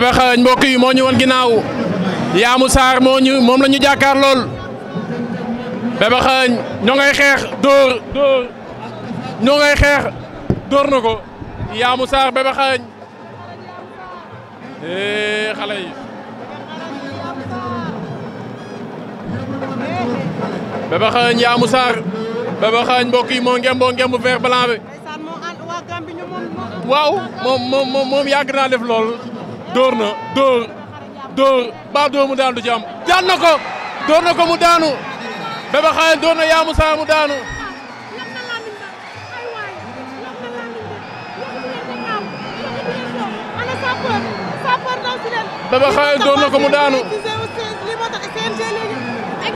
bébé xarañ mbokk yi moo ñu woon ginnaaw Yamou Sarr moo ñu moom la ñu jàkkaar lool bébé xarañ ñoo ngay xeex dóor dóor ñoo xeex dóor na ko Yamou Sarr bébé xarañ eh xale yi bébé xarañ Yamou Sarr bébé xarañ mbokk yi moo ngem boo ngem bu vert blanc bi waaw moom moom moom yàgg naa def lool dóor na dóor dóor ba dóor mu daanu du ci am ko dóor na ko mu daanu Bébé Khaye dóor na Yaa Moussa mu daanu Bébé Khaye dóor na ko mu daanu